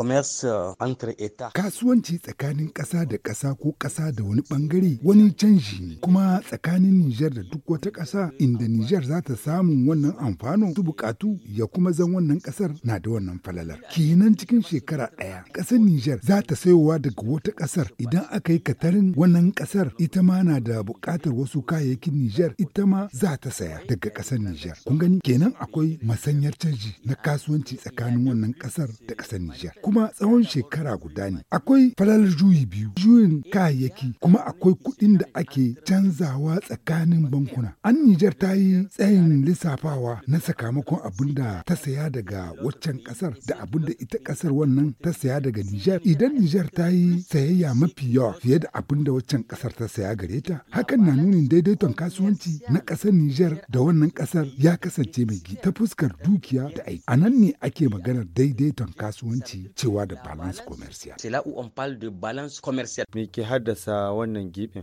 commerce uh, entre état kasuwanci tsakanin ƙasa da ƙasa ko ƙasa da wani bangare wani canji ne kuma tsakanin Nijar da duk wata ƙasa inda Nijar za ta samun wannan amfano su bukatu ya kuma zan wannan ƙasar na da wannan falalar kinan cikin shekara ɗaya ƙasar Nijar za ta sayowa daga wata ƙasar idan aka yi katarin wannan ƙasar ita ma na da buƙatar wasu kayayyakin Nijar ita ma za ta saya daga ƙasar Nijar kun gani kenan akwai masanyar canji na kasuwanci tsakanin wannan ƙasar da ƙasar Nijar kuma tsawon shekara guda ne. Akwai falal juyi biyu, juyin kayayyaki kuma akwai kuɗin da ake canzawa tsakanin bankuna. An Nijar ta yi tsayin lissafawa na sakamakon abin da ta saya daga waccan ƙasar da abin da ita ƙasar wannan ta saya daga Nijar. Idan Nijar ta yi sayayya mafi yawa fiye da abin da waccan ƙasar ta saya gare ta, hakan na nunin daidaiton kasuwanci na ƙasar Nijar da wannan ƙasar ya kasance mai ta fuskar dukiya da aiki. A nan ne ake maganar daidaiton kasuwanci cewa da balance commercial. C'est là on parle de balance commercial. Me ke haddasa wannan gibin?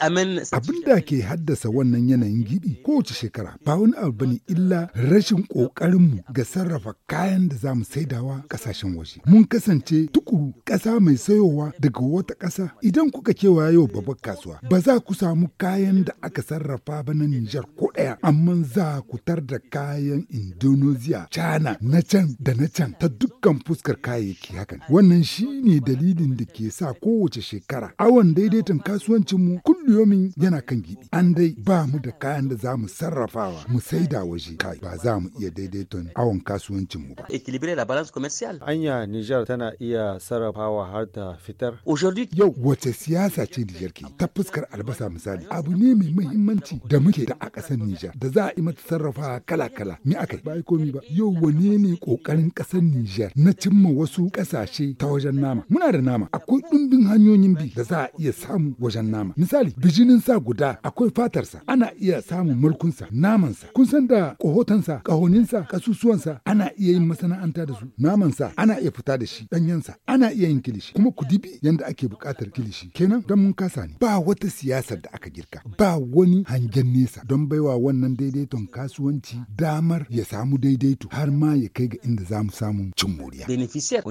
amen abin da ke haddasa wannan yanayin gibi kowace shekara ba wani abu bane illa rashin mu ga sarrafa kayan da zamu saidawa kasashen waje. Mun kasance tukuru ƙasa mai sayowa daga wata ƙasa idan kuka kewa yau babbar kasuwa ba za ku samu kayan da aka sarrafa ba na Nijar ko ɗaya amma za ku tar da kayan Indonesia, China na can da na can ta dukkan fuskar kayan yake hakan. Wannan shine dalilin da ke sa kowace shekara awon daidaiton kasuwancinmu kulliyomin yana kan gidi an dai ba mu da kayan da za mu sarrafawa mu saida waje kai ba za mu iya daidaiton awon kasuwancin mu ba equilibrer la balance commerciale anya Niger tana iya sarrafawa har ta fitar aujourd'hui yau wace siyasa ce Niger ke ta fuskar albasa misali abu ne mai muhimmanci da muke da a ƙasar Niger da za a yi mata sarrafa kala-kala ni akai ba komi ba yau wane ne kokarin ƙasar Niger na cimma wasu ƙasashe ta wajen nama muna da nama akwai ɗumbin hanyoyin bi da za a iya samu wajen nama misali bijinin sa guda akwai fatarsa ana iya samun mulkunsa namansa kun san da ƙahotansa ƙahoninsa ƙasusuwansa ana iya yin masana'anta da su namansa ana iya fita da shi ɗanyensa ana iya yin kilishi kuma ku dibi yanda ake buƙatar kilishi kenan don mun kasa ne ba wata siyasar da aka girka ba wani hangen nesa don baiwa wannan daidaiton kasuwanci damar ya samu daidaito har ma ya kai ga inda zamu samu cin moriya. Beneficiar